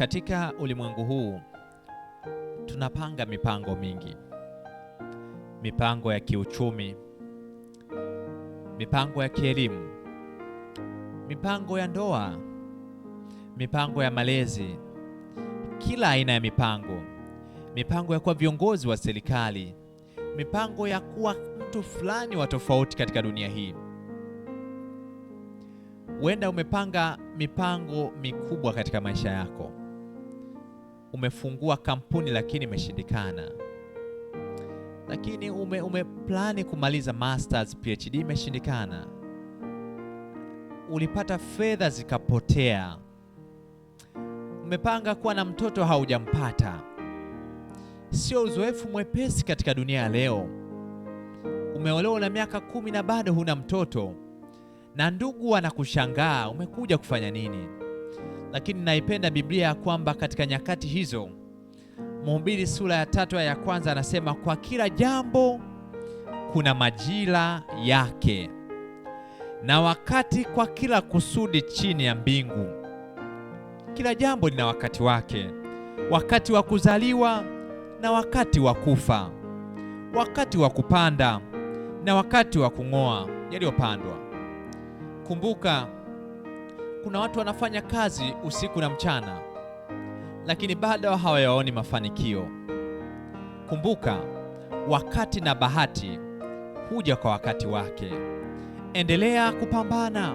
Katika ulimwengu huu tunapanga mipango mingi, mipango ya kiuchumi, mipango ya kielimu, mipango ya ndoa, mipango ya malezi, kila aina ya mipango, mipango ya kuwa viongozi wa serikali, mipango ya kuwa mtu fulani wa tofauti katika dunia hii. Huenda umepanga mipango mikubwa katika maisha yako umefungua kampuni lakini imeshindikana, lakini ume, umeplani kumaliza masters PhD imeshindikana, ulipata fedha zikapotea, umepanga kuwa na mtoto haujampata. Sio uzoefu mwepesi katika dunia ya leo. Umeolewa na miaka kumi na bado huna mtoto, na ndugu wanakushangaa umekuja kufanya nini? Lakini naipenda Biblia ya kwamba katika nyakati hizo Mhubiri sura ya tatu ya kwanza anasema kwa kila jambo kuna majira yake na wakati kwa kila kusudi chini ya mbingu. Kila jambo lina wakati wake, wakati wa kuzaliwa na wakati wa kufa, wakati wa kupanda na wakati wa kung'oa yaliyopandwa. Kumbuka kuna watu wanafanya kazi usiku na mchana, lakini bado hawayaoni mafanikio. Kumbuka, wakati na bahati huja kwa wakati wake. Endelea kupambana,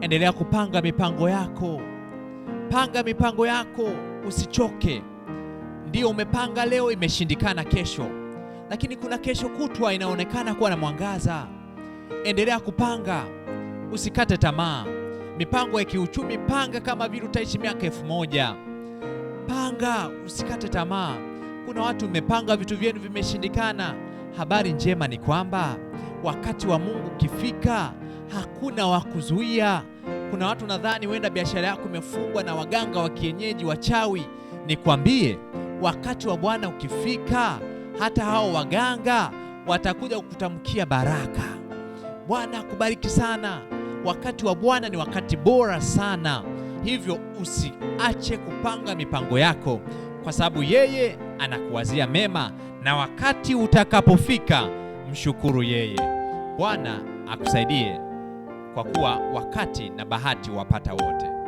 endelea kupanga mipango yako. Panga mipango yako, usichoke. ndio umepanga leo, imeshindikana kesho, lakini kuna kesho kutwa inaonekana kuwa na mwangaza. Endelea kupanga, usikate tamaa mipango ya kiuchumi. Panga kama vile utaishi miaka elfu moja. Panga, usikate tamaa. Kuna watu mmepanga vitu vyenu vimeshindikana. Habari njema ni kwamba wakati wa Mungu ukifika, hakuna wa kuzuia. Kuna watu nadhani huenda biashara yako imefungwa na waganga wa kienyeji wachawi. Nikwambie, wakati wa Bwana ukifika, hata hao waganga watakuja kukutamkia baraka. Bwana akubariki sana. Wakati wa Bwana ni wakati bora sana, hivyo usiache kupanga mipango yako, kwa sababu yeye anakuwazia mema, na wakati utakapofika mshukuru yeye. Bwana akusaidie, kwa kuwa wakati na bahati wapata wote.